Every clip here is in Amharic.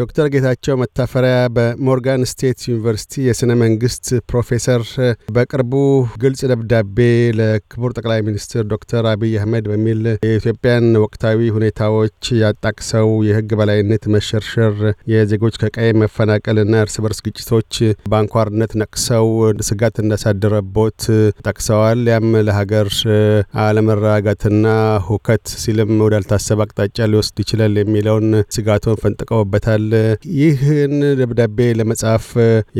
ዶክተር ጌታቸው መታፈሪያ በሞርጋን ስቴት ዩኒቨርሲቲ የሥነ መንግሥት ፕሮፌሰር በቅርቡ ግልጽ ደብዳቤ ለክቡር ጠቅላይ ሚኒስትር ዶክተር አብይ አህመድ በሚል የኢትዮጵያን ወቅታዊ ሁኔታዎች ያጣቅሰው የሕግ በላይነት መሸርሸር፣ የዜጎች ከቀይ መፈናቀልና እርስ በርስ ግጭቶች በአንኳርነት ነቅሰው ስጋት እንዳሳደረቦት ጠቅሰዋል። ያም ለሀገር አለመረጋጋትና ሁከት ሲልም ወዳልታሰበ አቅጣጫ ሊወስድ ይችላል የሚለውን ስጋቱን ፈንጥቀውበታል። ይህን ደብዳቤ ለመጻፍ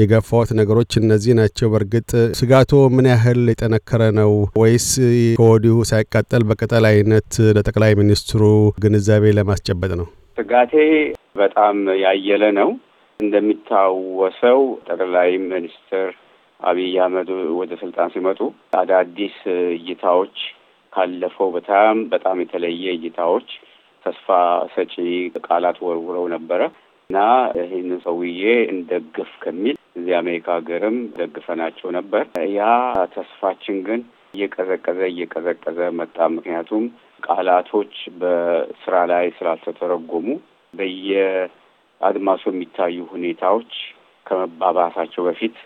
የገፋዎት ነገሮች እነዚህ ናቸው። በእርግጥ ስጋቶ ምን ያህል የጠነከረ ነው? ወይስ ከወዲሁ ሳይቃጠል በቅጠል አይነት ለጠቅላይ ሚኒስትሩ ግንዛቤ ለማስጨበጥ ነው? ስጋቴ በጣም ያየለ ነው። እንደሚታወሰው ጠቅላይ ሚኒስትር አብይ አህመድ ወደ ስልጣን ሲመጡ አዳዲስ እይታዎች ካለፈው በጣም በጣም የተለየ እይታዎች ተስፋ ሰጪ ቃላት ወርውረው ነበረ። እና ይህን ሰውዬ እንደግፍ ከሚል እዚህ አሜሪካ ሀገርም ደግፈናቸው ነበር። ያ ተስፋችን ግን እየቀዘቀዘ እየቀዘቀዘ መጣ። ምክንያቱም ቃላቶች በስራ ላይ ስላልተተረጎሙ በየአድማሱ የሚታዩ ሁኔታዎች ከመባባሳቸው በፊት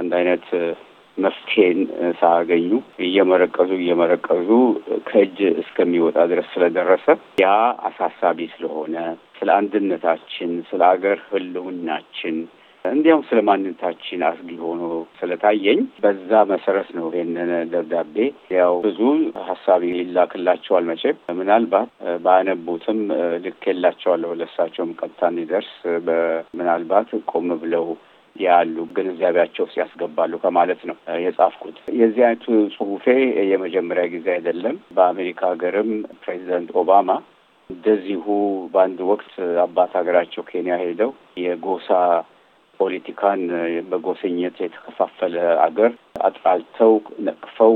አንድ አይነት መፍትሄን ሳያገኙ እየመረቀዙ እየመረቀዙ ከእጅ እስከሚወጣ ድረስ ስለደረሰ ያ አሳሳቢ ስለሆነ ስለ አንድነታችን፣ ስለ አገር ህልውናችን እንዲያውም ስለ ማንነታችን አስጊ ሆኖ ስለታየኝ በዛ መሰረት ነው ይሄንን ደብዳቤ ያው ብዙ ሀሳብ ይላክላቸዋል። መቼም ምናልባት በአነቡትም የላቸዋለሁ ለሳቸውም ቀጥታ እንዲደርስ ምናልባት ቆም ብለው ያሉ ግንዛቤያቸው ያስገባሉ ከማለት ነው የጻፍኩት። የዚህ አይነቱ ጽሁፌ የመጀመሪያ ጊዜ አይደለም። በአሜሪካ ሀገርም ፕሬዚደንት ኦባማ እንደዚሁ በአንድ ወቅት አባት ሀገራቸው ኬንያ ሄደው የጎሳ ፖለቲካን በጎሰኝነት የተከፋፈለ አገር አጥራልተው ነቅፈው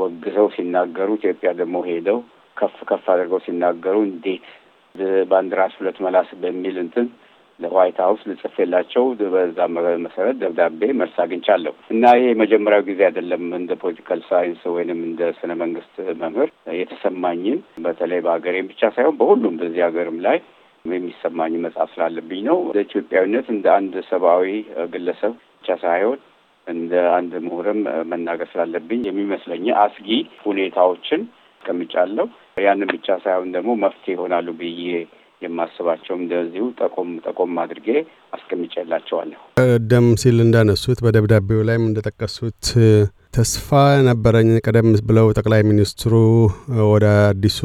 ወግዘው ሲናገሩ፣ ኢትዮጵያ ደግሞ ሄደው ከፍ ከፍ አድርገው ሲናገሩ እንዴት በአንድ ራስ ሁለት መላስ በሚል እንትን ለዋይት ሀውስ ልጽፌላቸው በዛ መሰረት ደብዳቤ መልስ አግኝቻለሁ እና ይሄ የመጀመሪያው ጊዜ አይደለም። እንደ ፖለቲካል ሳይንስ ወይንም እንደ ስነ መንግስት መምህር የተሰማኝን በተለይ በሀገሬም ብቻ ሳይሆን በሁሉም በዚህ ሀገርም ላይ የሚሰማኝ መጽሐፍ ስላለብኝ ነው። እንደ ኢትዮጵያዊነት እንደ አንድ ሰብአዊ ግለሰብ ብቻ ሳይሆን እንደ አንድ ምሁርም መናገር ስላለብኝ የሚመስለኝ አስጊ ሁኔታዎችን ቀምጫለሁ። ያንን ብቻ ሳይሆን ደግሞ መፍትሄ ይሆናሉ ብዬ የማስባቸውም እንደዚሁ ጠቆም ጠቆም አድርጌ አስቀምጨላቸዋለሁ። ቀደም ሲል እንዳነሱት በደብዳቤው ላይም እንደጠቀሱት ተስፋ ነበረኝ ቀደም ብለው ጠቅላይ ሚኒስትሩ ወደ አዲሱ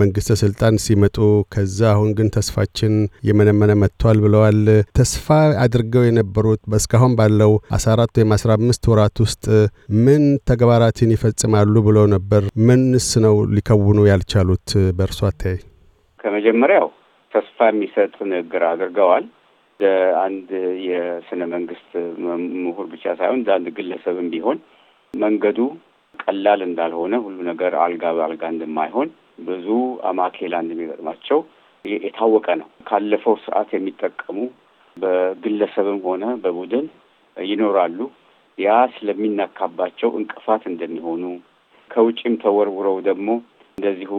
መንግስተ ስልጣን ሲመጡ፣ ከዛ አሁን ግን ተስፋችን የመነመነ መጥቷል ብለዋል። ተስፋ አድርገው የነበሩት እስካሁን ባለው አስራ አራት ወይም አስራ አምስት ወራት ውስጥ ምን ተግባራትን ይፈጽማሉ ብለው ነበር? ምንስ ነው ሊከውኑ ያልቻሉት በእርሷ አታይ ከመጀመሪያው ተስፋ የሚሰጥ ንግግር አድርገዋል። አንድ የስነ መንግስት ምሁር ብቻ ሳይሆን አንድ ግለሰብም ቢሆን መንገዱ ቀላል እንዳልሆነ ሁሉ ነገር አልጋ በአልጋ እንደማይሆን ብዙ አማኬላ እንደሚገጥማቸው የታወቀ ነው። ካለፈው ስርዓት የሚጠቀሙ በግለሰብም ሆነ በቡድን ይኖራሉ። ያ ስለሚናካባቸው እንቅፋት እንደሚሆኑ ከውጭም ተወርውረው ደግሞ እንደዚሁ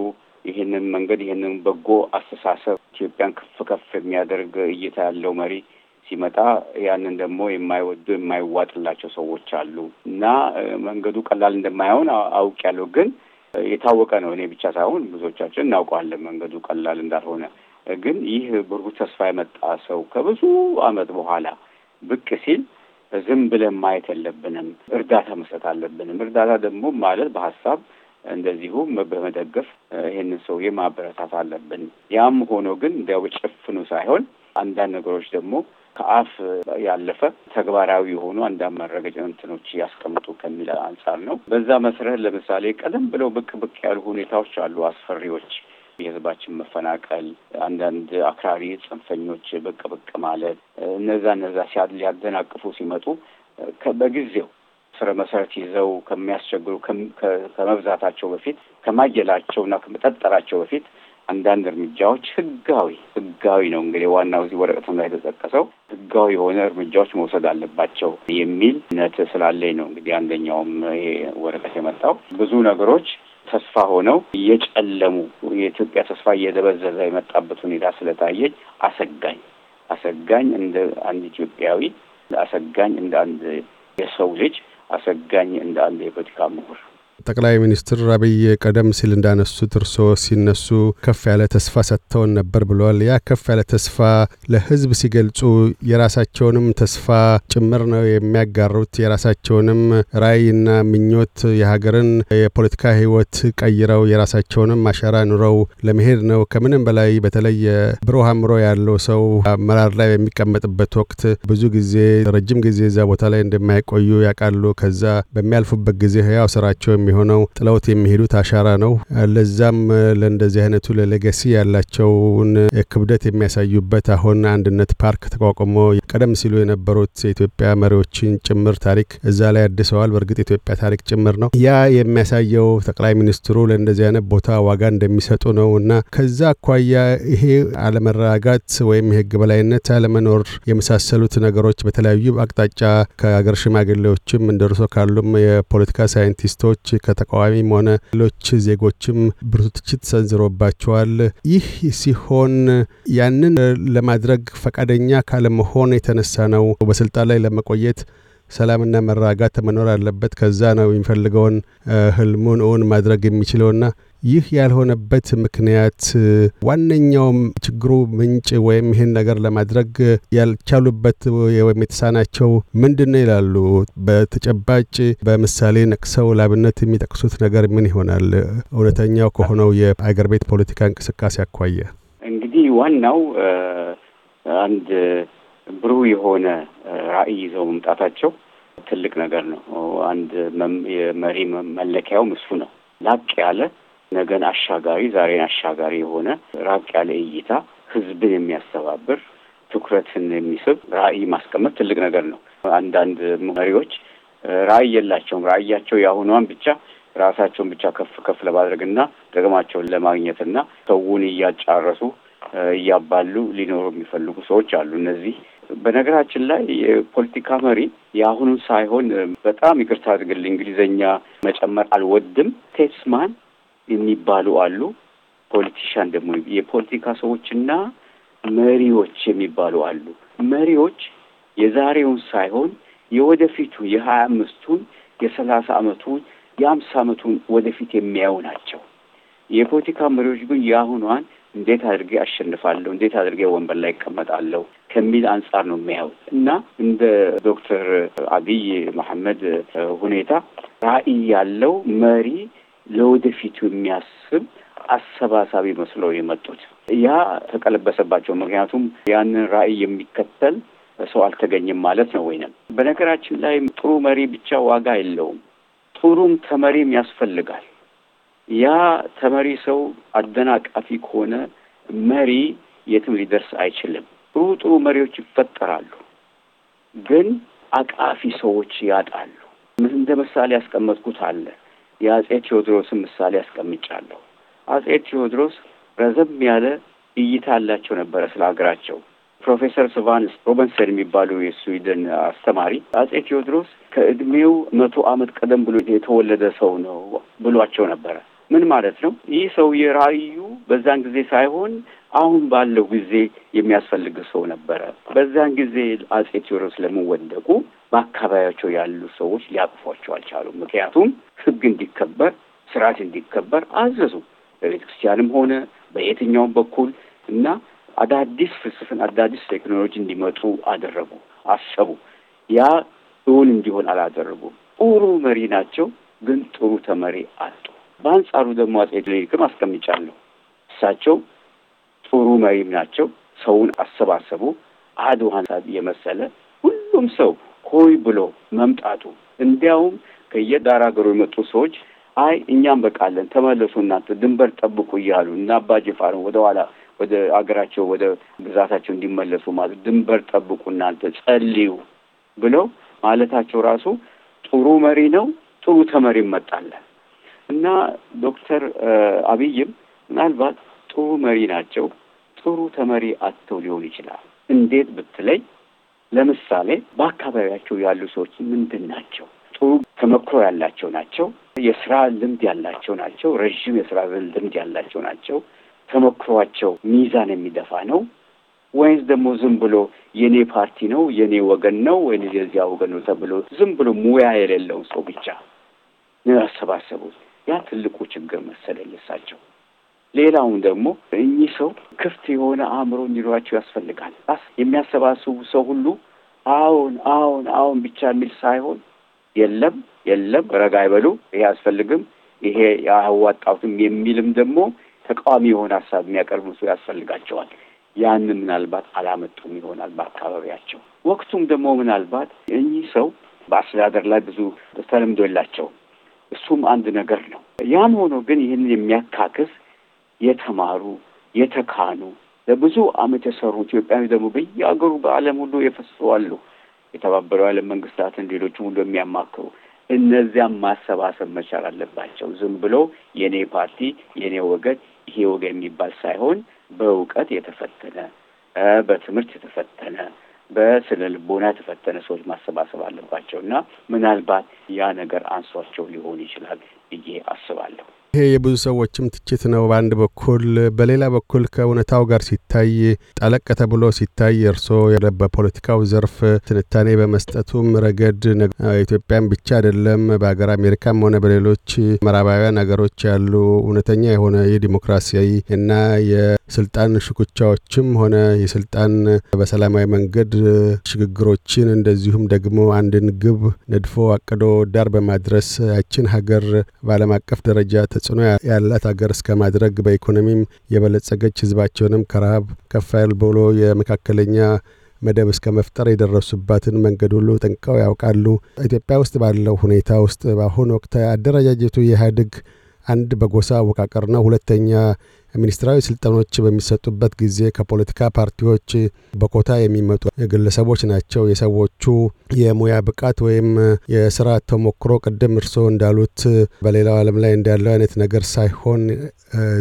ይህንን መንገድ ይህንን በጎ አስተሳሰብ ኢትዮጵያን ከፍ ከፍ የሚያደርግ እይታ ያለው መሪ ሲመጣ ያንን ደግሞ የማይወዱ የማይዋጥላቸው ሰዎች አሉ እና መንገዱ ቀላል እንደማይሆን አውቅ ያለው ግን የታወቀ ነው። እኔ ብቻ ሳይሆን ብዙዎቻችን እናውቀዋለን መንገዱ ቀላል እንዳልሆነ። ግን ይህ ብሩህ ተስፋ የመጣ ሰው ከብዙ ዓመት በኋላ ብቅ ሲል ዝም ብለን ማየት የለብንም፣ እርዳታ መስጠት አለብንም። እርዳታ ደግሞ ማለት በሀሳብ እንደዚሁ በመደገፍ ይህንን ሰውዬ ማበረታት አለብን። ያም ሆኖ ግን እንዲያው ጭፍኑ ሳይሆን አንዳንድ ነገሮች ደግሞ ከአፍ ያለፈ ተግባራዊ የሆኑ አንዳንድ ማረጋገጫ እንትኖች ያስቀምጡ ከሚል አንጻር ነው። በዛ መሰረት ለምሳሌ ቀደም ብለው ብቅ ብቅ ያሉ ሁኔታዎች አሉ፣ አስፈሪዎች የህዝባችን መፈናቀል፣ አንዳንድ አክራሪ ጽንፈኞች ብቅ ብቅ ማለት እነዛ እነዛ ሲያደናቅፉ ሲመጡ በጊዜው ስረ መሰረት ይዘው ከሚያስቸግሩ ከመብዛታቸው በፊት ከማጀላቸውና ከመጠጠራቸው በፊት አንዳንድ እርምጃዎች ህጋዊ ህጋዊ ነው እንግዲህ ዋናው እዚህ ወረቀቱም ላይ የተጠቀሰው ህጋዊ የሆነ እርምጃዎች መውሰድ አለባቸው የሚል እምነት ስላለኝ ነው። እንግዲህ አንደኛውም ይሄ ወረቀት የመጣው ብዙ ነገሮች ተስፋ ሆነው እየጨለሙ የኢትዮጵያ ተስፋ እየደበዘዘ የመጣበት ሁኔታ ስለታየኝ አሰጋኝ አሰጋኝ እንደ አንድ ኢትዮጵያዊ አሰጋኝ እንደ አንድ የሰው ልጅ አሰጋኝ እንዳለ የፖለቲካ ምሁር ጠቅላይ ሚኒስትር አብይ ቀደም ሲል እንዳነሱት እርሶ ሲነሱ ከፍ ያለ ተስፋ ሰጥተውን ነበር ብለዋል። ያ ከፍ ያለ ተስፋ ለህዝብ ሲገልጹ የራሳቸውንም ተስፋ ጭምር ነው የሚያጋሩት። የራሳቸውንም ራዕይና ምኞት የሀገርን የፖለቲካ ህይወት ቀይረው የራሳቸውንም አሻራ ኑረው ለመሄድ ነው። ከምንም በላይ በተለይ ብሩህ አእምሮ ያለው ሰው አመራር ላይ በሚቀመጥበት ወቅት ብዙ ጊዜ ረጅም ጊዜ እዛ ቦታ ላይ እንደማይቆዩ ያውቃሉ። ከዛ በሚያልፉበት ጊዜ ህያው ስራቸው የሚሆነው ጥለውት የሚሄዱት አሻራ ነው። ለዛም ለእንደዚህ አይነቱ ለሌገሲ ያላቸውን ክብደት የሚያሳዩበት አሁን አንድነት ፓርክ ተቋቁሞ ቀደም ሲሉ የነበሩት የኢትዮጵያ መሪዎችን ጭምር ታሪክ እዛ ላይ አድሰዋል። በእርግጥ የኢትዮጵያ ታሪክ ጭምር ነው። ያ የሚያሳየው ጠቅላይ ሚኒስትሩ ለእንደዚህ አይነት ቦታ ዋጋ እንደሚሰጡ ነው እና ከዛ አኳያ ይሄ አለመረጋጋት ወይም የህግ በላይነት አለመኖር የመሳሰሉት ነገሮች በተለያዩ አቅጣጫ ከሀገር ሽማግሌዎችም እንደርሶ ካሉም የፖለቲካ ሳይንቲስቶች ከተቃዋሚም ሆነ ሌሎች ዜጎችም ብርቱ ትችት ሰንዝሮባቸዋል። ይህ ሲሆን ያንን ለማድረግ ፈቃደኛ ካለመሆን የተነሳ ነው በስልጣን ላይ ለመቆየት ሰላምና መረጋጋት መኖር አለበት። ከዛ ነው የሚፈልገውን ህልሙን እውን ማድረግ የሚችለውና ይህ ያልሆነበት ምክንያት ዋነኛውም ችግሩ ምንጭ ወይም ይህን ነገር ለማድረግ ያልቻሉበት ወይም የተሳናቸው ምንድን ነው ይላሉ? በተጨባጭ በምሳሌ ነቅሰው ላብነት የሚጠቅሱት ነገር ምን ይሆናል? እውነተኛው ከሆነው የአገር ቤት ፖለቲካ እንቅስቃሴ አኳየ እንግዲህ ዋናው አንድ ብሩህ የሆነ ራዕይ ይዘው መምጣታቸው ትልቅ ነገር ነው። አንድ የመሪ መለኪያውም እሱ ነው። ላቅ ያለ ነገን አሻጋሪ ዛሬን አሻጋሪ የሆነ ራቅ ያለ እይታ ህዝብን የሚያስተባብር ትኩረትን የሚስብ ራዕይ ማስቀመጥ ትልቅ ነገር ነው። አንዳንድ መሪዎች ራዕይ የላቸውም። ራዕያቸው የአሁኗን ብቻ ራሳቸውን ብቻ ከፍ ከፍ ለማድረግና ጥቅማቸውን ለማግኘትና ሰውን እያጫረሱ እያባሉ ሊኖሩ የሚፈልጉ ሰዎች አሉ። እነዚህ በነገራችን ላይ የፖለቲካ መሪ የአሁኑን ሳይሆን በጣም ይቅርታ አድርግልኝ እንግሊዘኛ መጨመር አልወድም ቴስማን የሚባሉ አሉ። ፖለቲሽያን ደግሞ የፖለቲካ ሰዎችና መሪዎች የሚባሉ አሉ። መሪዎች የዛሬውን ሳይሆን የወደፊቱ የሀያ አምስቱን የሰላሳ አመቱን የአምሳ አመቱን ወደፊት የሚያዩ ናቸው። የፖለቲካ መሪዎች ግን የአሁኗን እንዴት አድርጌ አሸንፋለሁ፣ እንዴት አድርጌ ወንበር ላይ ይቀመጣለሁ ከሚል አንጻር ነው የሚያዩት እና እንደ ዶክተር አብይ መሐመድ ሁኔታ ራዕይ ያለው መሪ ለወደፊቱ የሚያስብ አሰባሳቢ መስለው የመጡት ያ ተቀለበሰባቸው። ምክንያቱም ያንን ራዕይ የሚከተል ሰው አልተገኘም ማለት ነው። ወይንም በነገራችን ላይ ጥሩ መሪ ብቻ ዋጋ የለውም፣ ጥሩም ተመሪም ያስፈልጋል። ያ ተመሪ ሰው አደናቃፊ ከሆነ መሪ የትም ሊደርስ አይችልም። ጥሩ ጥሩ መሪዎች ይፈጠራሉ፣ ግን አቃፊ ሰዎች ያጣሉ። እንደ ምሳሌ ያስቀመጥኩት አለ የአጼ ቴዎድሮስን ምሳሌ አስቀምጫለሁ። አጼ ቴዎድሮስ ረዘም ያለ እይታ ያላቸው ነበረ ስለ ሀገራቸው። ፕሮፌሰር ስቫንስ ሮበንሰን የሚባሉ የስዊድን አስተማሪ አጼ ቴዎድሮስ ከእድሜው መቶ ዓመት ቀደም ብሎ የተወለደ ሰው ነው ብሏቸው ነበረ። ምን ማለት ነው? ይህ ሰው የራእዩ በዛን ጊዜ ሳይሆን አሁን ባለው ጊዜ የሚያስፈልግ ሰው ነበረ። በዛን ጊዜ አጼ ቴዎድሮስ ለምን ወደቁ? በአካባቢያቸው ያሉ ሰዎች ሊያቅፏቸው አልቻሉም። ምክንያቱም ህግ እንዲከበር ስርዓት እንዲከበር አዘዙ በቤተ ክርስቲያንም ሆነ በየትኛውም በኩል እና አዳዲስ ፍልስፍን፣ አዳዲስ ቴክኖሎጂ እንዲመጡ አደረጉ፣ አሰቡ። ያ እውን እንዲሆን አላደረጉም። ጥሩ መሪ ናቸው፣ ግን ጥሩ ተመሪ አጡ። በአንጻሩ ደግሞ አጼ ምኒልክም አስቀምጫለሁ። እሳቸው ጥሩ መሪም ናቸው። ሰውን አሰባሰቡ። አድዋን የመሰለ ሁሉም ሰው ሆይ ብሎ መምጣቱ እንዲያውም ከየዳር ሀገሩ የመጡ ሰዎች አይ እኛም በቃለን ተመለሱ እናንተ ድንበር ጠብቁ እያሉ እና አባ ጅፋርን ወደኋላ ወደ አገራቸው ወደ ግዛታቸው እንዲመለሱ ማለት ድንበር ጠብቁ እናንተ ጸልዩ ብለው ማለታቸው ራሱ ጥሩ መሪ ነው። ጥሩ ተመሪ እመጣለን። እና ዶክተር አብይም ምናልባት ጥሩ መሪ ናቸው። ጥሩ ተመሪ አጥተው ሊሆን ይችላል። እንዴት ብትለይ ለምሳሌ በአካባቢያቸው ያሉ ሰዎች ምንድን ናቸው? ጥሩ ተመክሮ ያላቸው ናቸው። የስራ ልምድ ያላቸው ናቸው። ረዥም የስራ ልምድ ያላቸው ናቸው። ተመክሯቸው ሚዛን የሚደፋ ነው ወይንስ ደግሞ ዝም ብሎ የኔ ፓርቲ ነው የኔ ወገን ነው ወይ የዚያ ወገን ነው ተብሎ ዝም ብሎ ሙያ የሌለውን ሰው ብቻ ነው ያሰባሰቡት። ያ ትልቁ ችግር መሰለልሳቸው። ሌላውም ደግሞ እኚህ ሰው ክፍት የሆነ አእምሮ እንዲኖራቸው ያስፈልጋል። የሚያሰባስቡ ሰው ሁሉ አሁን አሁን አሁን ብቻ የሚል ሳይሆን የለም የለም፣ ረጋ ይበሉ፣ ይሄ አያስፈልግም፣ ይሄ አያዋጣትም የሚልም ደግሞ ተቃዋሚ የሆነ ሀሳብ የሚያቀርቡ ሰው ያስፈልጋቸዋል። ያንን ምናልባት አላመጡም ይሆናል በአካባቢያቸው። ወቅቱም ደግሞ ምናልባት እኚህ ሰው በአስተዳደር ላይ ብዙ ተለምዶ የላቸውም። እሱም አንድ ነገር ነው። ያም ሆኖ ግን ይህንን የሚያካክስ የተማሩ የተካኑ ለብዙ ዓመት የሰሩ ኢትዮጵያዊ ደግሞ በየአገሩ በዓለም ሁሉ የፈሱ አሉ። የተባበረው የዓለም መንግስታትን ሌሎችም ሁሉ የሚያማክሩ እነዚያም ማሰባሰብ መቻል አለባቸው። ዝም ብሎ የእኔ ፓርቲ የእኔ ወገን ይሄ ወገን የሚባል ሳይሆን በእውቀት የተፈተነ በትምህርት የተፈተነ በስነ ልቦና የተፈተነ ሰዎች ማሰባሰብ አለባቸው እና ምናልባት ያ ነገር አንሷቸው ሊሆን ይችላል ብዬ አስባለሁ። ይሄ የብዙ ሰዎችም ትችት ነው በአንድ በኩል። በሌላ በኩል ከእውነታው ጋር ሲታይ ጠለቅ ተብሎ ሲታይ እርሶ በፖለቲካው ዘርፍ ትንታኔ በመስጠቱም ረገድ ኢትዮጵያን ብቻ አይደለም በሀገር አሜሪካም ሆነ በሌሎች ምዕራባውያን ሀገሮች ያሉ እውነተኛ የሆነ የዲሞክራሲያዊ እና የስልጣን ሽኩቻዎችም ሆነ የስልጣን በሰላማዊ መንገድ ሽግግሮችን እንደዚሁም ደግሞ አንድን ግብ ነድፎ አቅዶ ዳር በማድረስ ያችን ሀገር በአለም አቀፍ ደረጃ ተጽዕኖ ያላት ሀገር እስከ ማድረግ በኢኮኖሚም የበለጸገች ህዝባቸውንም ከረሃብ ከፋይል ብሎ የመካከለኛ መደብ እስከ መፍጠር የደረሱባትን መንገድ ሁሉ ጠንቅቀው ያውቃሉ። ኢትዮጵያ ውስጥ ባለው ሁኔታ ውስጥ በአሁኑ ወቅት አደረጃጀቱ የኢህአዴግ አንድ በጎሳ ነው፣ ሁለተኛ ሚኒስትራዊ ስልጠኖች በሚሰጡበት ጊዜ ከፖለቲካ ፓርቲዎች በኮታ የሚመጡ ግለሰቦች ናቸው። የሰዎቹ የሙያ ብቃት ወይም የስራ ተሞክሮ ቅድም እርስዎ እንዳሉት በሌላው ዓለም ላይ እንዳለው አይነት ነገር ሳይሆን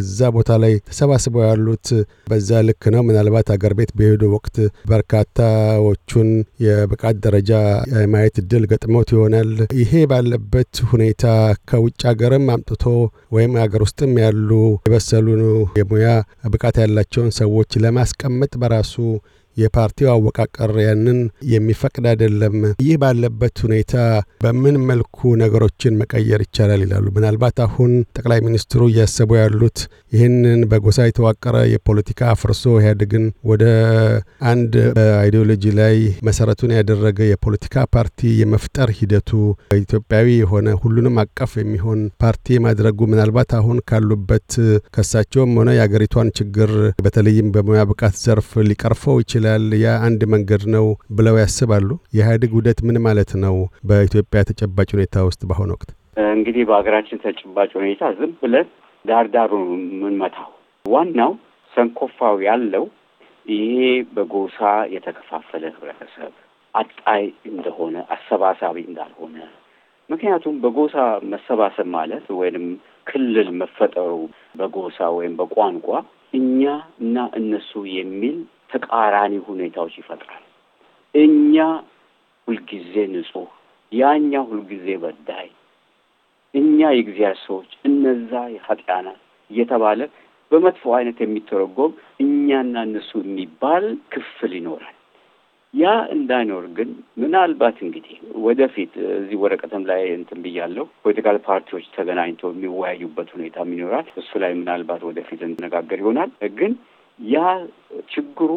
እዛ ቦታ ላይ ተሰባስበው ያሉት በዛ ልክ ነው። ምናልባት አገር ቤት በሄዱ ወቅት በርካታዎቹን የብቃት ደረጃ የማየት እድል ገጥሞት ይሆናል። ይሄ ባለበት ሁኔታ ከውጭ ሀገርም አምጥቶ ወይም ሀገር ውስጥም ያሉ የበሰሉ የሙያ ብቃት ያላቸውን ሰዎች ለማስቀመጥ በራሱ የፓርቲው አወቃቀር ያንን የሚፈቅድ አይደለም። ይህ ባለበት ሁኔታ በምን መልኩ ነገሮችን መቀየር ይቻላል ይላሉ። ምናልባት አሁን ጠቅላይ ሚኒስትሩ እያሰቡ ያሉት ይህንን በጎሳ የተዋቀረ የፖለቲካ አፍርሶ ኢህአዴግን ወደ አንድ በአይዲዮሎጂ ላይ መሰረቱን ያደረገ የፖለቲካ ፓርቲ የመፍጠር ሂደቱ ኢትዮጵያዊ የሆነ ሁሉንም አቀፍ የሚሆን ፓርቲ ማድረጉ ምናልባት አሁን ካሉበት ከሳቸውም ሆነ የአገሪቷን ችግር በተለይም በሙያ ብቃት ዘርፍ ሊቀርፈው ይችላል ይችላል? ያ አንድ መንገድ ነው ብለው ያስባሉ? የኢህአዴግ ውህደት ምን ማለት ነው በኢትዮጵያ ተጨባጭ ሁኔታ ውስጥ በአሁኑ ወቅት? እንግዲህ በሀገራችን ተጨባጭ ሁኔታ ዝም ብለን ዳርዳሩ የምንመታው ዋናው ሰንኮፋው ያለው ይሄ በጎሳ የተከፋፈለ ህብረተሰብ አጣይ እንደሆነ አሰባሳቢ እንዳልሆነ ምክንያቱም በጎሳ መሰባሰብ ማለት ወይንም ክልል መፈጠሩ በጎሳ ወይም በቋንቋ እኛ እና እነሱ የሚል ተቃራኒ ሁኔታዎች ይፈጥራል። እኛ ሁልጊዜ ንጹህ፣ ያኛ ሁልጊዜ በዳይ፣ እኛ የእግዚአብሔር ሰዎች፣ እነዛ ኃጢአናት እየተባለ በመጥፎ አይነት የሚተረጎም እኛና እነሱ የሚባል ክፍል ይኖራል። ያ እንዳይኖር ግን ምናልባት እንግዲህ ወደፊት እዚህ ወረቀትም ላይ እንትን ብያለሁ ፖለቲካል ፓርቲዎች ተገናኝተው የሚወያዩበት ሁኔታም ይኖራል። እሱ ላይ ምናልባት ወደፊት እንነጋገር ይሆናል ግን ያ ችግሩ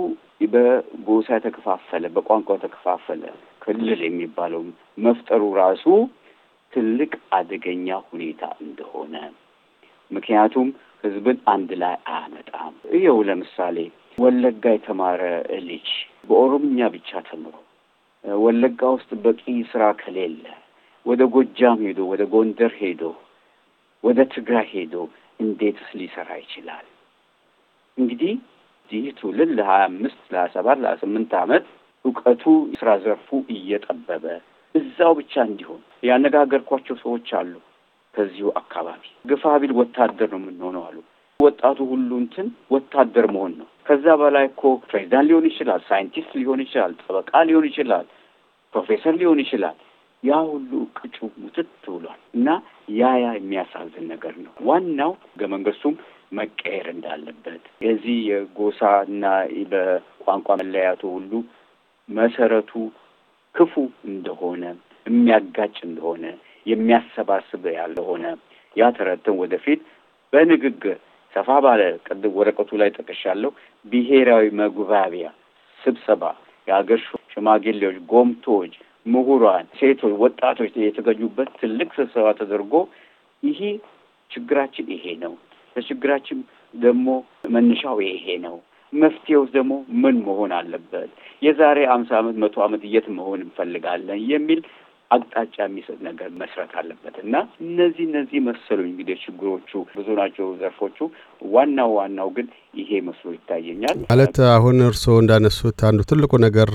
በጎሳ የተከፋፈለ በቋንቋ የተከፋፈለ ክልል የሚባለው መፍጠሩ ራሱ ትልቅ አደገኛ ሁኔታ እንደሆነ ምክንያቱም ህዝብን አንድ ላይ አያመጣም። ይኸው ለምሳሌ ወለጋ የተማረ ልጅ በኦሮምኛ ብቻ ተምሮ ወለጋ ውስጥ በቂ ስራ ከሌለ ወደ ጎጃም ሄዶ ወደ ጎንደር ሄዶ ወደ ትግራይ ሄዶ እንዴትስ ሊሰራ ይችላል? እንግዲህ ይህ ትውልድ ለሀያ አምስት ለሀያ ሰባት ለሀያ ስምንት ዓመት እውቀቱ ስራ ዘርፉ እየጠበበ እዛው ብቻ እንዲሆን ያነጋገርኳቸው ሰዎች አሉ። ከዚሁ አካባቢ ግፋ ቢል ወታደር ነው የምንሆነው አሉ። ወጣቱ ሁሉ እንትን ወታደር መሆን ነው። ከዛ በላይ እኮ ፕሬዚዳንት ሊሆን ይችላል፣ ሳይንቲስት ሊሆን ይችላል፣ ጠበቃ ሊሆን ይችላል፣ ፕሮፌሰር ሊሆን ይችላል። ያ ሁሉ ቅጩ ሙትት ብሏል እና ያ ያ የሚያሳዝን ነገር ነው። ዋናው ህገ መንግስቱም መቀየር እንዳለበት የዚህ የጎሳና በቋንቋ መለያቱ ሁሉ መሰረቱ ክፉ እንደሆነ የሚያጋጭ እንደሆነ የሚያሰባስብ ያለሆነ ያ ተረትን ወደፊት በንግግር ሰፋ ባለ ቅድም ወረቀቱ ላይ ጠቅሻለሁ። ብሔራዊ መግባቢያ ስብሰባ የሀገር ሽማግሌዎች፣ ጎምቶች፣ ምሁራን፣ ሴቶች፣ ወጣቶች የተገኙበት ትልቅ ስብሰባ ተደርጎ ይሄ ችግራችን ይሄ ነው ለችግራችን ደግሞ መነሻው ይሄ ነው፣ መፍትሄው ደግሞ ምን መሆን አለበት፣ የዛሬ አምሳ ዓመት መቶ ዓመት የት መሆን እንፈልጋለን የሚል አቅጣጫ የሚሰጥ ነገር መስራት አለበት እና እነዚህ እነዚህ መሰሉ እንግዲህ ችግሮቹ ብዙ ናቸው ዘርፎቹ። ዋናው ዋናው ግን ይሄ መስሎ ይታየኛል። ማለት አሁን እርስዎ እንዳነሱት አንዱ ትልቁ ነገር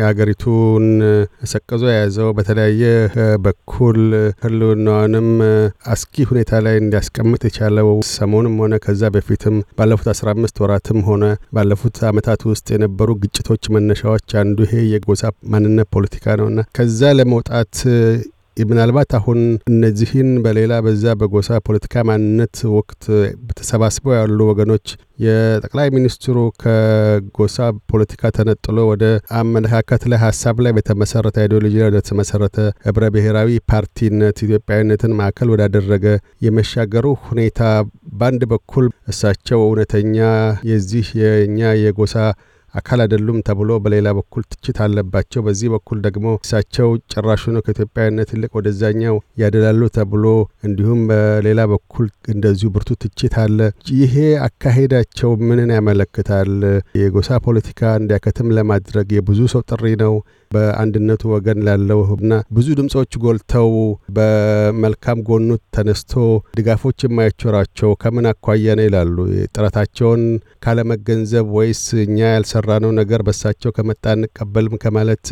የሀገሪቱን ሰቅዞ የያዘው በተለያየ በኩል ህልውናዋንም አስኪ ሁኔታ ላይ እንዲያስቀምጥ የቻለው ሰሞኑም ሆነ ከዛ በፊትም ባለፉት አስራ አምስት ወራትም ሆነ ባለፉት አመታት ውስጥ የነበሩ ግጭቶች መነሻዎች አንዱ ይሄ የጎሳ ማንነት ፖለቲካ እና ከዛ ለመውጣት ምናልባት አሁን እነዚህን በሌላ በዛ በጎሳ ፖለቲካ ማንነት ወቅት ተሰባስበው ያሉ ወገኖች የጠቅላይ ሚኒስትሩ ከጎሳ ፖለቲካ ተነጥሎ ወደ አመለካከት ላይ ሀሳብ ላይ በተመሰረተ አይዲዮሎጂ ላይ ወደ ተመሰረተ ህብረ ብሔራዊ ፓርቲነት ኢትዮጵያዊነትን ማዕከል ወዳደረገ የመሻገሩ ሁኔታ በአንድ በኩል እሳቸው እውነተኛ የዚህ የእኛ የጎሳ አካል አይደሉም ተብሎ በሌላ በኩል ትችት አለባቸው። በዚህ በኩል ደግሞ እሳቸው ጭራሹኑ ከኢትዮጵያዊነት ይልቅ ወደዛኛው ያደላሉ ተብሎ እንዲሁም በሌላ በኩል እንደዚሁ ብርቱ ትችት አለ። ይሄ አካሄዳቸው ምንን ያመለክታል? የጎሳ ፖለቲካ እንዲያከትም ለማድረግ የብዙ ሰው ጥሪ ነው። በአንድነቱ ወገን ላለው እና ብዙ ድምፆች ጎልተው በመልካም ጎኑ ተነስቶ ድጋፎች የማይቸራቸው ከምን አኳያ ነው ይላሉ? ጥረታቸውን ካለመገንዘብ ወይስ እኛ ያልሰ የሰራነው ነገር በሳቸው ከመጣ አንቀበልም ከማለት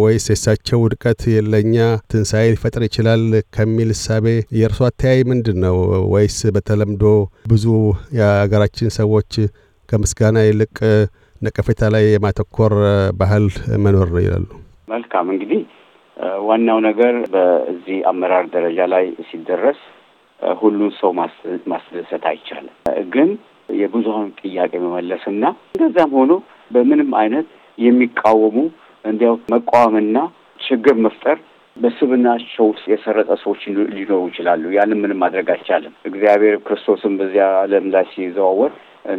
ወይስ የሳቸው ውድቀት የለኛ ትንሣኤ ሊፈጥር ይችላል ከሚል እሳቤ የእርሶ አተያይ ምንድን ነው? ወይስ በተለምዶ ብዙ የሀገራችን ሰዎች ከምስጋና ይልቅ ነቀፌታ ላይ የማተኮር ባህል መኖር ይላሉ? መልካም እንግዲህ ዋናው ነገር በዚህ አመራር ደረጃ ላይ ሲደረስ ሁሉን ሰው ማስደሰት አይቻልም። ግን የብዙሀን ጥያቄ መመለስና እንደዛም ሆኖ በምንም አይነት የሚቃወሙ እንዲያው መቃወምና ችግር መፍጠር በስብናቸው ውስጥ የሰረጠ ሰዎች ሊኖሩ ይችላሉ። ያንን ምንም ማድረግ አይቻልም። እግዚአብሔር ክርስቶስም በዚያ ዓለም ላይ ሲዘዋወር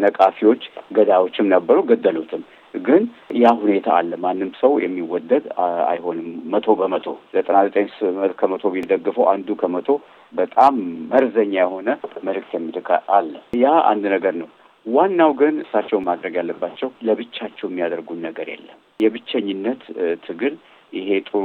ነቃፊዎች፣ ገዳዮችም ነበሩ፣ ገደሉትም። ግን ያ ሁኔታ አለ። ማንም ሰው የሚወደድ አይሆንም። መቶ በመቶ ዘጠና ዘጠኝ ከመቶ ቢደግፈው አንዱ ከመቶ በጣም መርዘኛ የሆነ መልእክት የሚልክ አለ። ያ አንድ ነገር ነው። ዋናው ግን እሳቸው ማድረግ ያለባቸው ለብቻቸው የሚያደርጉን ነገር የለም። የብቸኝነት ትግል ይሄ ጥሩ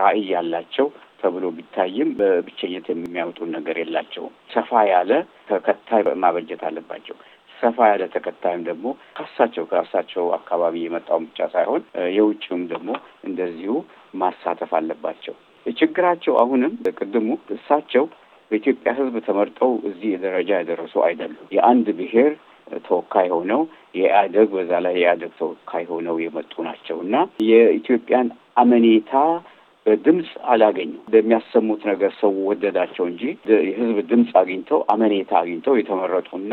ራዕይ ያላቸው ተብሎ ቢታይም በብቸኝነት የሚያወጡን ነገር የላቸውም። ሰፋ ያለ ተከታይ ማበጀት አለባቸው። ሰፋ ያለ ተከታይም ደግሞ ከሳቸው ከእርሳቸው አካባቢ የመጣውን ብቻ ሳይሆን የውጭውም ደግሞ እንደዚሁ ማሳተፍ አለባቸው። ችግራቸው አሁንም ቅድሙ እሳቸው በኢትዮጵያ ሕዝብ ተመርጠው እዚህ ደረጃ የደረሱ አይደሉም። የአንድ ብሔር ተወካይ ሆነው የኢህአደግ በዛ ላይ የኢህአደግ ተወካይ ሆነው የመጡ ናቸው እና የኢትዮጵያን አመኔታ በድምፅ አላገኙ። በሚያሰሙት ነገር ሰው ወደዳቸው እንጂ የህዝብ ድምፅ አግኝተው አመኔታ አግኝተው የተመረጡና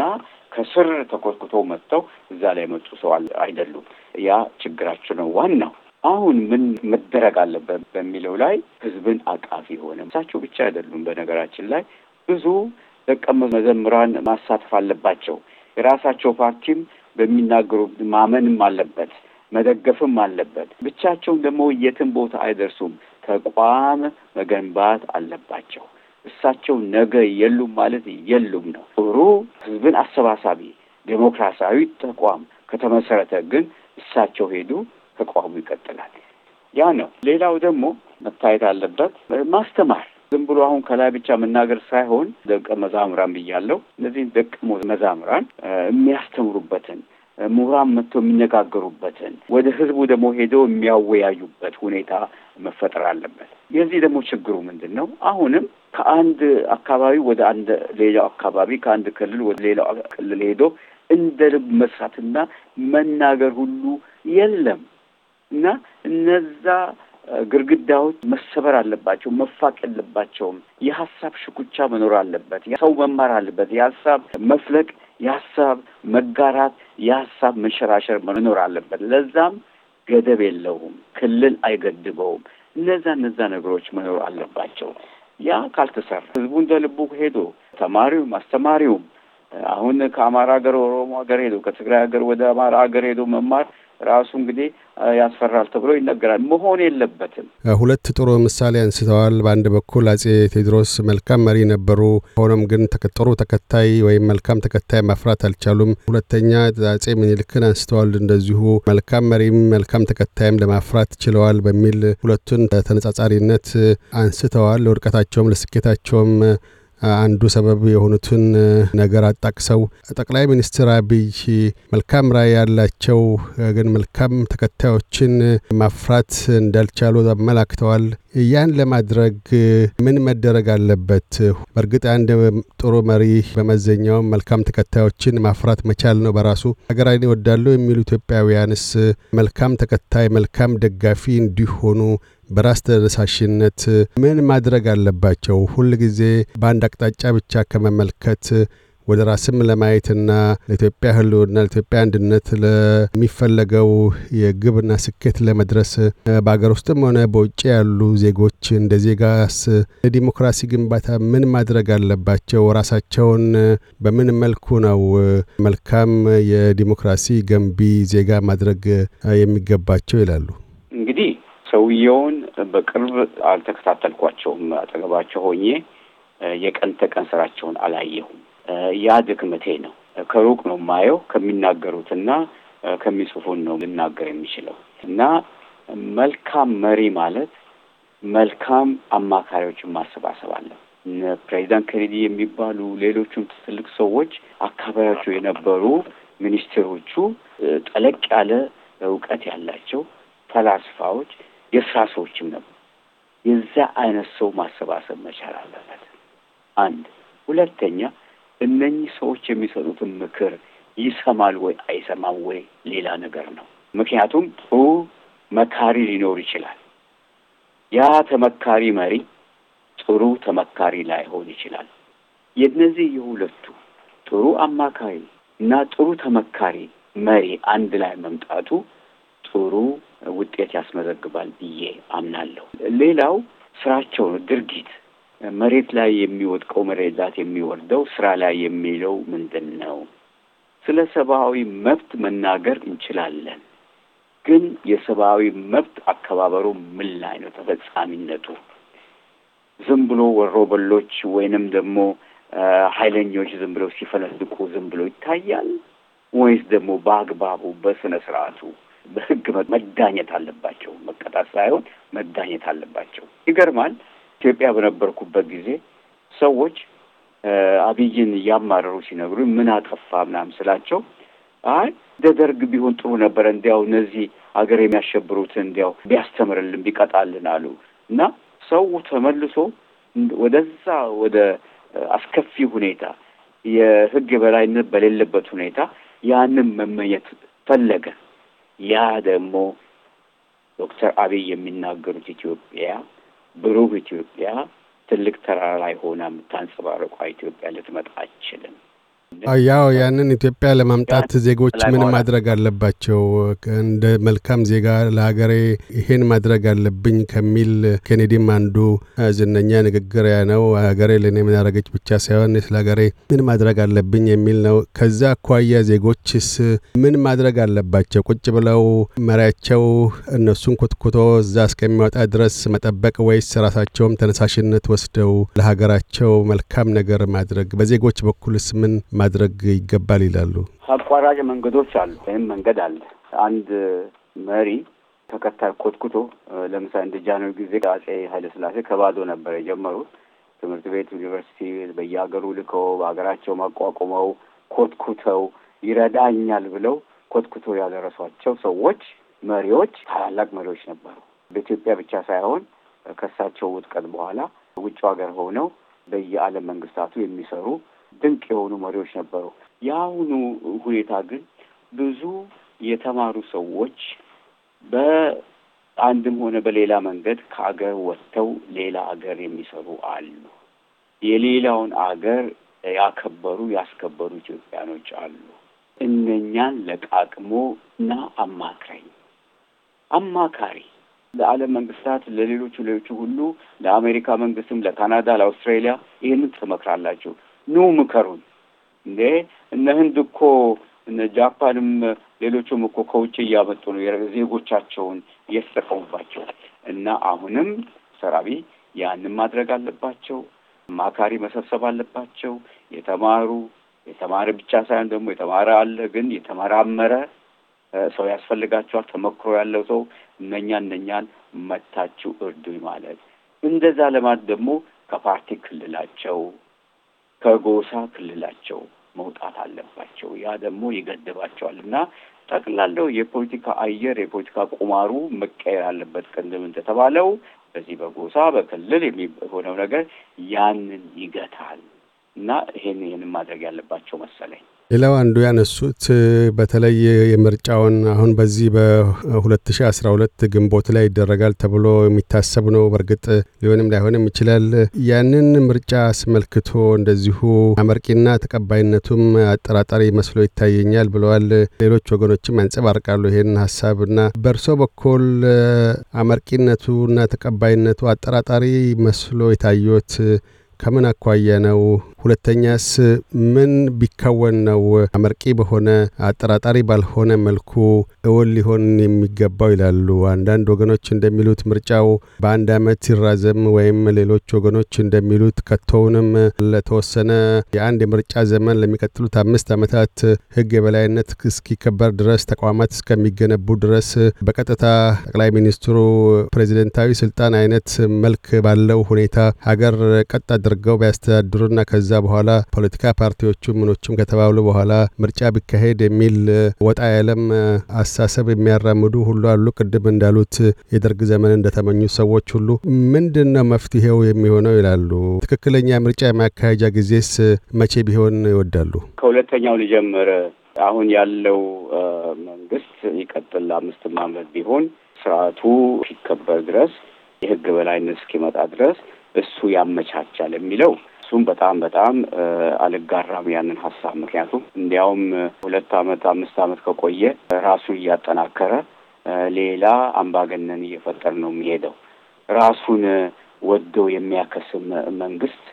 ከስር ተኮትኩተው መጥተው እዛ ላይ መጡ ሰው አይደሉም። ያ ችግራቸው ነው ዋናው። አሁን ምን መደረግ አለበት በሚለው ላይ ህዝብን አቃፊ የሆነ እሳቸው ብቻ አይደሉም። በነገራችን ላይ ብዙ ደቀ መዘምራን ማሳተፍ አለባቸው። የራሳቸው ፓርቲም በሚናገሩት ማመንም አለበት መደገፍም አለበት። ብቻቸውን ደግሞ የትም ቦታ አይደርሱም። ተቋም መገንባት አለባቸው። እሳቸው ነገ የሉም ማለት የሉም ነው። ጥሩ ህዝብን አሰባሳቢ ዴሞክራሲያዊ ተቋም ከተመሰረተ ግን እሳቸው ሄዱ፣ ተቋሙ ይቀጥላል። ያ ነው። ሌላው ደግሞ መታየት አለበት ማስተማር ዝም ብሎ አሁን ከላይ ብቻ መናገር ሳይሆን ደቀ መዛሙራን ብያለሁ። እነዚህ ደቀ መዛሙራን የሚያስተምሩበትን ምሁራን መጥቶ የሚነጋገሩበትን ወደ ህዝቡ ደግሞ ሄደው የሚያወያዩበት ሁኔታ መፈጠር አለበት። የዚህ ደግሞ ችግሩ ምንድን ነው? አሁንም ከአንድ አካባቢ ወደ አንድ ሌላው አካባቢ ከአንድ ክልል ወደ ሌላው ክልል ሄዶ እንደ ልብ መስራትና መናገር ሁሉ የለም እና እነዛ ግርግዳዎች መሰበር አለባቸው፣ መፋቅ የለባቸውም። የሀሳብ ሽኩቻ መኖር አለበት። ሰው መማር አለበት። የሀሳብ መፍለቅ፣ የሀሳብ መጋራት፣ የሀሳብ መሸራሸር መኖር አለበት። ለዛም ገደብ የለውም፣ ክልል አይገድበውም። እነዛ እነዛ ነገሮች መኖር አለባቸው። ያ ካልተሰራ ህዝቡ እንደ ልቡ ሄዶ ተማሪውም አስተማሪውም አሁን ከአማራ ሀገር ኦሮሞ ሀገር ሄዶ ከትግራይ ሀገር ወደ አማራ ሀገር ሄዶ መማር ራሱ እንግዲህ ያስፈራል ተብሎ ይነገራል። መሆን የለበትም። ሁለት ጥሩ ምሳሌ አንስተዋል። በአንድ በኩል አጼ ቴዎድሮስ መልካም መሪ ነበሩ። ሆኖም ግን ጥሩ ተከታይ ወይም መልካም ተከታይ ማፍራት አልቻሉም። ሁለተኛ አጼ ምኒልክን አንስተዋል። እንደዚሁ መልካም መሪም መልካም ተከታይም ለማፍራት ችለዋል በሚል ሁለቱን ተነጻጻሪነት አንስተዋል። ለውድቀታቸውም ለስኬታቸውም አንዱ ሰበብ የሆኑትን ነገር አጣቅሰው ጠቅላይ ሚኒስትር አብይ መልካም ራዕይ ያላቸው ግን መልካም ተከታዮችን ማፍራት እንዳልቻሉ አመላክተዋል። ያን ለማድረግ ምን መደረግ አለበት? በእርግጥ አንድ ጥሩ መሪ በመዘኛውም መልካም ተከታዮችን ማፍራት መቻል ነው በራሱ። ሀገራዊ ይወዳሉ የሚሉ ኢትዮጵያውያንስ መልካም ተከታይ፣ መልካም ደጋፊ እንዲሆኑ በራስ ተነሳሽነት ምን ማድረግ አለባቸው? ሁል ጊዜ በአንድ አቅጣጫ ብቻ ከመመልከት ወደ ራስም ለማየትና ለኢትዮጵያ ሕልውና ለኢትዮጵያ አንድነት ለሚፈለገው የግብና ስኬት ለመድረስ በሀገር ውስጥም ሆነ በውጭ ያሉ ዜጎች እንደ ዜጋስ ለዲሞክራሲ ግንባታ ምን ማድረግ አለባቸው? ራሳቸውን በምን መልኩ ነው መልካም የዲሞክራሲ ገንቢ ዜጋ ማድረግ የሚገባቸው ይላሉ? እንግዲህ ሰውየውን በቅርብ አልተከታተልኳቸውም። አጠገባቸው ሆኜ የቀን ተቀን ስራቸውን አላየሁም። ያ ድክመቴ ነው። ከሩቅ ነው የማየው። ከሚናገሩትና ከሚጽፉን ነው ልናገር የሚችለው እና መልካም መሪ ማለት መልካም አማካሪዎችን ማሰባሰብ አለ። ፕሬዚዳንት ኬኔዲ የሚባሉ ሌሎቹም ትልቅ ሰዎች አካባቢያቸው የነበሩ ሚኒስቴሮቹ ጠለቅ ያለ እውቀት ያላቸው ፈላስፋዎች የስራ ሰዎችም ነበሩ። የዛ አይነት ሰው ማሰባሰብ መቻል አለበት። አንድ ሁለተኛ እነኚህ ሰዎች የሚሰጡትን ምክር ይሰማል ወይ አይሰማም ወይ ሌላ ነገር ነው። ምክንያቱም ጥሩ መካሪ ሊኖር ይችላል። ያ ተመካሪ መሪ ጥሩ ተመካሪ ላይሆን ይችላል። የእነዚህ የሁለቱ ጥሩ አማካሪ እና ጥሩ ተመካሪ መሪ አንድ ላይ መምጣቱ ጥሩ ውጤት ያስመዘግባል ብዬ አምናለሁ። ሌላው ስራቸው ድርጊት መሬት ላይ የሚወድቀው መሬት ላይ የሚወርደው ስራ ላይ የሚለው ምንድን ነው? ስለ ሰብአዊ መብት መናገር እንችላለን፣ ግን የሰብአዊ መብት አከባበሩ ምን ላይ ነው? ተፈጻሚነቱ ዝም ብሎ ወሮ በሎች ወይንም ደግሞ ኃይለኞች ዝም ብለው ሲፈለስቁ ዝም ብሎ ይታያል ወይስ ደግሞ በአግባቡ በስነ ስርዓቱ በህግ መዳኘት አለባቸው። መቀጣት ሳይሆን መዳኘት አለባቸው። ይገርማል። ኢትዮጵያ በነበርኩበት ጊዜ ሰዎች አብይን እያማረሩ ሲነግሩ ምን አጠፋ ምናምን ስላቸው አይ ደደርግ ቢሆን ጥሩ ነበረ፣ እንዲያው እነዚህ አገር የሚያሸብሩትን እንዲያው ቢያስተምርልን ቢቀጣልን አሉ እና ሰው ተመልሶ ወደዛ ወደ አስከፊ ሁኔታ የህግ የበላይነት በሌለበት ሁኔታ ያንን መመኘት ፈለገ። ያ ደግሞ ዶክተር አብይ የሚናገሩት ኢትዮጵያ ብሩህ ኢትዮጵያ፣ ትልቅ ተራራ ላይ ሆና የምታንጸባርቋ ኢትዮጵያ ልትመጣ አይችልም። ያው ያንን ኢትዮጵያ ለማምጣት ዜጎች ምን ማድረግ አለባቸው? እንደ መልካም ዜጋ ለሀገሬ ይሄን ማድረግ አለብኝ ከሚል ኬኔዲም አንዱ ዝነኛ ንግግር ያ ነው። ሀገሬ ለእኔ ምን ያደረገች ብቻ ሳይሆን ስለ ሀገሬ ምን ማድረግ አለብኝ የሚል ነው። ከዛ አኳያ ዜጎችስ ምን ማድረግ አለባቸው? ቁጭ ብለው መሪያቸው እነሱን ኮትኩቶ እዛ እስከሚወጣ ድረስ መጠበቅ ወይስ ራሳቸውም ተነሳሽነት ወስደው ለሀገራቸው መልካም ነገር ማድረግ? በዜጎች በኩልስ ምን ማድረግ ይገባል ይላሉ። አቋራጭ መንገዶች አሉ ወይም መንገድ አለ። አንድ መሪ ተከታይ ኮትኩቶ ለምሳሌ እንደ ጃንሆይ ጊዜ አጼ ኃይለስላሴ ከባዶ ነበር የጀመሩት ትምህርት ቤት፣ ዩኒቨርሲቲ በየሀገሩ ልከው በሀገራቸው ማቋቁመው ኮትኩተው ይረዳኛል ብለው ኮትኩቶ ያደረሷቸው ሰዎች መሪዎች ታላላቅ መሪዎች ነበሩ። በኢትዮጵያ ብቻ ሳይሆን ከእሳቸው ውጥቀት በኋላ ውጭ ሀገር ሆነው በየዓለም መንግስታቱ የሚሰሩ ድንቅ የሆኑ መሪዎች ነበሩ። የአሁኑ ሁኔታ ግን ብዙ የተማሩ ሰዎች በአንድም ሆነ በሌላ መንገድ ከአገር ወጥተው ሌላ አገር የሚሰሩ አሉ። የሌላውን አገር ያከበሩ ያስከበሩ ኢትዮጵያኖች አሉ። እነኛን ለቃቅሞ እና አማክረኝ አማካሪ ለዓለም መንግስታት፣ ለሌሎቹ ሌሎቹ ሁሉ ለአሜሪካ መንግስትም፣ ለካናዳ፣ ለአውስትራሊያ ይህንን ትመክራላችሁ ኑ ምከሩን እንዴ እነ ህንድ እኮ እነ ጃፓንም ሌሎቹም እኮ ከውጭ እያመጡ ነው ዜጎቻቸውን እየተጠቀሙባቸው እና አሁንም ሰራቢ ያንን ማድረግ አለባቸው። ማካሪ መሰብሰብ አለባቸው። የተማሩ የተማረ ብቻ ሳይሆን ደግሞ የተማረ አለ፣ ግን የተመራመረ ሰው ያስፈልጋቸዋል። ተመክሮ ያለው ሰው እነኛ እነኛን መታችሁ እርዱኝ ማለት እንደዛ ለማለት ደግሞ ከፓርቲ ክልላቸው ከጎሳ ክልላቸው መውጣት አለባቸው። ያ ደግሞ ይገድባቸዋል እና ጠቅላላው የፖለቲካ አየር የፖለቲካ ቁማሩ መቀየር አለበት። ቅድም እንደተባለው በዚህ በጎሳ በክልል የሚሆነው ነገር ያንን ይገታል እና ይሄን ይሄንን ማድረግ ያለባቸው መሰለኝ። ሌላው አንዱ ያነሱት በተለይ የምርጫውን አሁን በዚህ በ2012 ግንቦት ላይ ይደረጋል ተብሎ የሚታሰብ ነው። በእርግጥ ሊሆንም ላይሆንም ይችላል። ያንን ምርጫ አስመልክቶ እንደዚሁ አመርቂና ተቀባይነቱም አጠራጣሪ መስሎ ይታየኛል ብለዋል። ሌሎች ወገኖችም ያንጸባርቃሉ ይሄን ሀሳብ እና በእርሶ በኩል አመርቂነቱና ተቀባይነቱ አጠራጣሪ መስሎ የታዩት ከምን አኳያ ነው? ሁለተኛስ ምን ቢከወን ነው አመርቂ በሆነ አጠራጣሪ ባልሆነ መልኩ እውን ሊሆን የሚገባው ይላሉ። አንዳንድ ወገኖች እንደሚሉት ምርጫው በአንድ ዓመት ሲራዘም ወይም ሌሎች ወገኖች እንደሚሉት ከቶውንም ለተወሰነ የአንድ የምርጫ ዘመን ለሚቀጥሉት አምስት ዓመታት ሕግ የበላይነት እስኪከበር ድረስ ተቋማት እስከሚገነቡ ድረስ በቀጥታ ጠቅላይ ሚኒስትሩ ፕሬዚደንታዊ ስልጣን አይነት መልክ ባለው ሁኔታ ሀገር ቀጣ አድርገው ቢያስተዳድሩና ከዛ በኋላ ፖለቲካ ፓርቲዎቹ ምኖችም ከተባሉ በኋላ ምርጫ ቢካሄድ የሚል ወጣ ያለም አሳሰብ የሚያራምዱ ሁሉ አሉ። ቅድም እንዳሉት የደርግ ዘመን እንደተመኙ ሰዎች ሁሉ ምንድን ነው መፍትሄው የሚሆነው ይላሉ። ትክክለኛ ምርጫ የማካሄጃ ጊዜስ መቼ ቢሆን ይወዳሉ? ከሁለተኛው ልጀምር። አሁን ያለው መንግስት ይቀጥል አምስትም ዓመት ቢሆን ስርዓቱ ሲከበር ድረስ የህግ በላይነት እስኪመጣ ድረስ እሱ ያመቻቻል የሚለው እሱም በጣም በጣም አልጋራም ያንን ሀሳብ። ምክንያቱም እንዲያውም ሁለት ዓመት አምስት አመት ከቆየ ራሱን እያጠናከረ ሌላ አምባገነን እየፈጠር ነው የሚሄደው። ራሱን ወዶ የሚያከስም መንግስት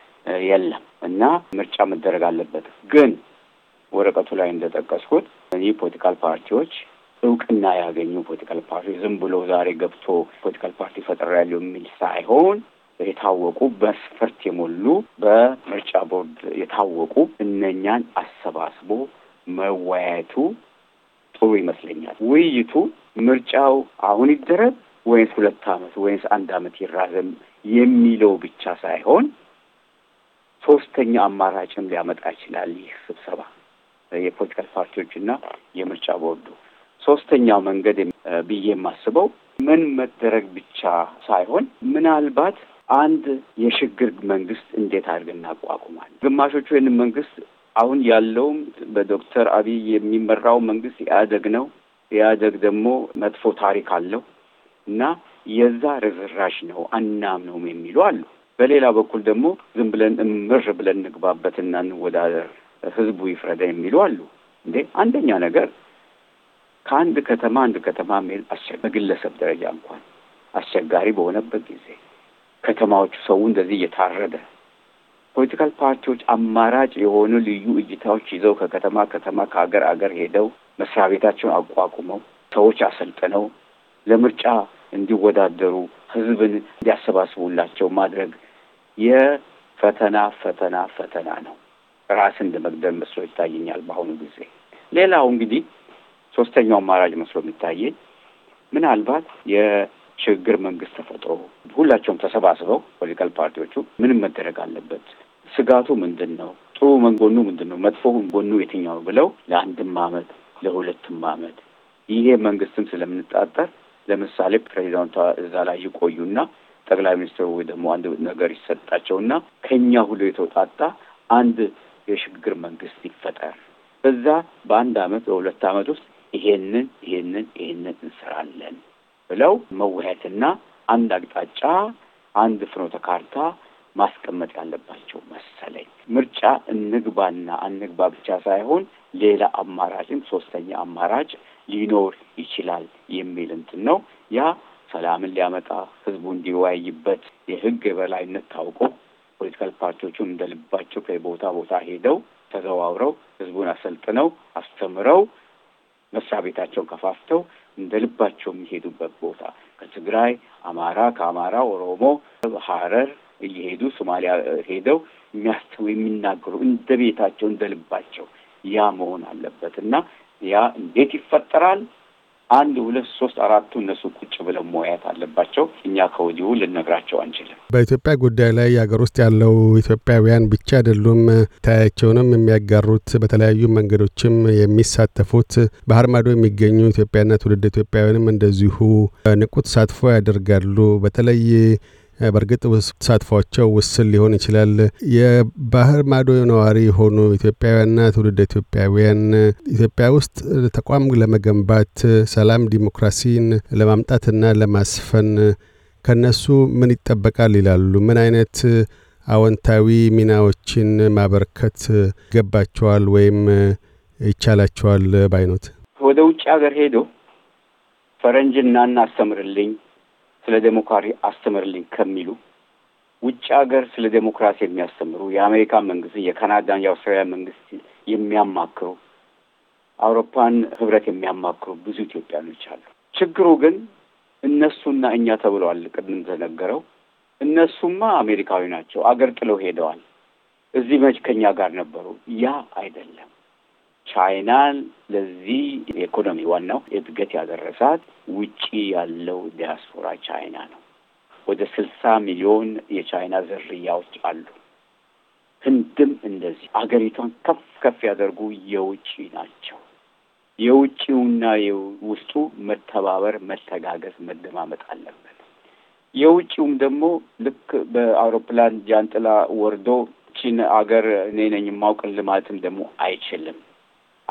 የለም እና ምርጫ መደረግ አለበት። ግን ወረቀቱ ላይ እንደጠቀስኩት እኚህ ፖለቲካል ፓርቲዎች እውቅና ያገኙ ፖለቲካል ፓርቲ ዝም ብሎ ዛሬ ገብቶ ፖለቲካል ፓርቲ ፈጠራ ያለው የሚል ሳይሆን የታወቁ መስፈርት የሞሉ በምርጫ ቦርድ የታወቁ እነኛን አሰባስቦ መወያየቱ ጥሩ ይመስለኛል። ውይይቱ ምርጫው አሁን ይደረግ ወይስ ሁለት ዓመት ወይስ አንድ ዓመት ይራዘም የሚለው ብቻ ሳይሆን ሶስተኛ አማራጭም ሊያመጣ ይችላል። ይህ ስብሰባ የፖለቲካ ፓርቲዎችና የምርጫ ቦርዱ ሶስተኛው መንገድ ብዬ የማስበው ምን መደረግ ብቻ ሳይሆን ምናልባት አንድ የሽግግር መንግስት እንዴት አድርገን እናቋቁማል? ግማሾቹ ይህንን መንግስት አሁን ያለውም በዶክተር አብይ የሚመራው መንግስት የአደግ ነው። የአደግ ደግሞ መጥፎ ታሪክ አለው እና የዛ ርዝራሽ ነው አናምነውም የሚሉ አሉ። በሌላ በኩል ደግሞ ዝም ብለን እምር ብለን እንግባበትና እንወዳደር ህዝቡ ይፍረዳ የሚሉ አሉ። እንዴ አንደኛ ነገር ከአንድ ከተማ አንድ ከተማ መሄድ በግለሰብ ደረጃ እንኳን አስቸጋሪ በሆነበት ጊዜ ከተማዎቹ ሰው እንደዚህ እየታረደ ፖለቲካል ፓርቲዎች አማራጭ የሆኑ ልዩ እይታዎች ይዘው ከከተማ ከተማ ከሀገር አገር ሄደው መስሪያ ቤታቸውን አቋቁመው ሰዎች አሰልጥነው ለምርጫ እንዲወዳደሩ ህዝብን እንዲያሰባስቡላቸው ማድረግ የፈተና ፈተና ፈተና ነው። ራስን ለመግደል መስሎ ይታየኛል በአሁኑ ጊዜ። ሌላው እንግዲህ ሶስተኛው አማራጭ መስሎ የሚታየኝ ምናልባት ሽግግር መንግስት ተፈጥሮ ሁላቸውም ተሰባስበው ፖለቲካል ፓርቲዎቹ ምንም መደረግ አለበት፣ ስጋቱ ምንድን ነው፣ ጥሩ መንጎኑ ምንድን ነው፣ መጥፎ ጎኑ የትኛው ብለው ለአንድም አመት ለሁለትም አመት ይሄ መንግስትም ስለምንጣጠር ለምሳሌ ፕሬዚዳንቷ እዛ ላይ ይቆዩና ጠቅላይ ሚኒስትሩ ወይ ደግሞ አንድ ነገር ይሰጣቸውና ከኛ ሁሉ የተውጣጣ አንድ የሽግግር መንግስት ይፈጠር። በዛ በአንድ አመት በሁለት አመት ውስጥ ይሄንን ይሄንን ይሄንን እንሰራለን ብለው መወያየትና አንድ አቅጣጫ፣ አንድ ፍኖተ ካርታ ማስቀመጥ ያለባቸው መሰለኝ። ምርጫ እንግባና አንግባ ብቻ ሳይሆን ሌላ አማራጭም ሶስተኛ አማራጭ ሊኖር ይችላል የሚል እንትን ነው። ያ ሰላምን ሊያመጣ ህዝቡ እንዲወያይበት የህግ የበላይነት ታውቆ ፖለቲካል ፓርቲዎቹን እንደልባቸው ከቦታ ቦታ ሄደው ተዘዋውረው ህዝቡን አሰልጥነው አስተምረው መስሪያ ቤታቸውን ከፋፍተው እንደ ልባቸው የሚሄዱበት ቦታ ከትግራይ አማራ፣ ከአማራ ኦሮሞ፣ ሀረር እየሄዱ ሶማሊያ ሄደው የሚያስተው የሚናገሩ እንደ ቤታቸው እንደ ልባቸው ያ መሆን አለበት እና ያ እንዴት ይፈጠራል? አንድ ሁለት ሶስት አራቱ እነሱ ቁጭ ብለው መወያየት አለባቸው። እኛ ከወዲሁ ልነግራቸው አንችልም። በኢትዮጵያ ጉዳይ ላይ ሀገር ውስጥ ያለው ኢትዮጵያውያን ብቻ አይደሉም። ታያቸውንም የሚያጋሩት በተለያዩ መንገዶችም የሚሳተፉት ባህር ማዶ የሚገኙ ኢትዮጵያና ትውልድ ኢትዮጵያውያንም እንደዚሁ ንቁ ተሳትፎ ያደርጋሉ። በተለይ በእርግጥ ተሳትፏቸው ውስን ሊሆን ይችላል። የባህር ማዶ ነዋሪ የሆኑ ኢትዮጵያውያንና ትውልድ ኢትዮጵያውያን ኢትዮጵያ ውስጥ ተቋም ለመገንባት ሰላም፣ ዲሞክራሲን ለማምጣትና ለማስፈን ከነሱ ምን ይጠበቃል ይላሉ? ምን አይነት አዎንታዊ ሚናዎችን ማበርከት ይገባቸዋል ወይም ይቻላቸዋል ባይኖት ወደ ውጭ ሀገር ሄዶ ፈረንጅና እናስተምርልኝ ስለ ዴሞክራሲ አስተምርልኝ ከሚሉ ውጭ ሀገር ስለ ዴሞክራሲ የሚያስተምሩ የአሜሪካን መንግስት፣ የካናዳን፣ የአውስትራሊያ መንግስት የሚያማክሩ አውሮፓን ህብረት የሚያማክሩ ብዙ ኢትዮጵያኖች አሉ። ችግሩ ግን እነሱና እኛ ተብለዋል። ቅድም ተነገረው እነሱማ አሜሪካዊ ናቸው፣ አገር ጥለው ሄደዋል፣ እዚህ መች ከኛ ጋር ነበሩ። ያ አይደለም። ቻይናን ለዚህ የኢኮኖሚ ዋናው እድገት ያደረሳት ውጪ ያለው ዲያስፖራ ቻይና ነው። ወደ ስልሳ ሚሊዮን የቻይና ዝርያዎች አሉ። ህንድም እንደዚህ አገሪቷን ከፍ ከፍ ያደርጉ የውጪ ናቸው። የውጭውና ውስጡ መተባበር፣ መተጋገዝ፣ መደማመጥ አለበት። የውጭውም ደግሞ ልክ በአውሮፕላን ጃንጥላ ወርዶ ቺን አገር እኔ ነኝ የማውቅን ደግሞ አይችልም።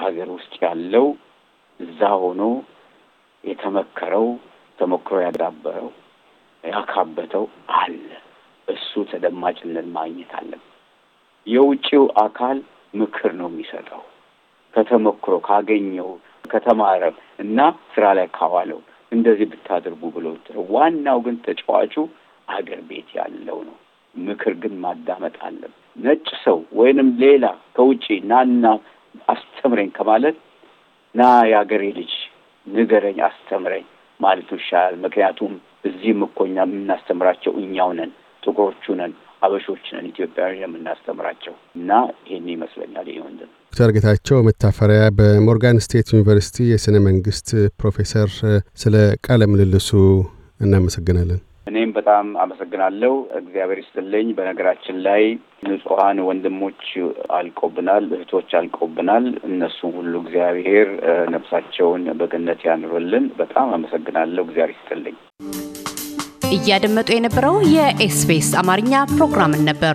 ሀገር ውስጥ ያለው እዛ ሆኖ የተመከረው ተሞክሮ ያዳበረው ያካበተው አለ። እሱ ተደማጭነት ማግኘት አለበት። የውጭው አካል ምክር ነው የሚሰጠው ከተሞክሮ ካገኘው ከተማረም እና ስራ ላይ ካዋለው እንደዚህ ብታደርጉ ብሎ ዋናው ግን ተጫዋቹ አገር ቤት ያለው ነው። ምክር ግን ማዳመጥ አለብን። ነጭ ሰው ወይንም ሌላ ከውጭ ናና አስተምረኝ ከማለት ና የሀገሬ ልጅ ንገረኝ፣ አስተምረኝ ማለቱ ይሻላል። ምክንያቱም እዚህም እኮ እኛ የምናስተምራቸው እኛው ነን፣ ጥቁሮቹ ነን፣ አበሾች ነን፣ ኢትዮጵያዊ የምናስተምራቸው እና ይህን ይመስለኛል ይህ ወንድም ዶክተር ጌታቸው መታፈሪያ በሞርጋን ስቴት ዩኒቨርሲቲ የሥነ መንግሥት ፕሮፌሰር፣ ስለ ቃለ ምልልሱ እናመሰግናለን። እኔም በጣም አመሰግናለሁ። እግዚአብሔር ይስጥልኝ። በነገራችን ላይ ንጹሐን ወንድሞች አልቆብናል፣ እህቶች አልቆብናል። እነሱ ሁሉ እግዚአብሔር ነፍሳቸውን በገነት ያኑርልን። በጣም አመሰግናለሁ። እግዚአብሔር ይስጥልኝ። እያደመጡ የነበረው የኤስቢኤስ አማርኛ ፕሮግራምን ነበር።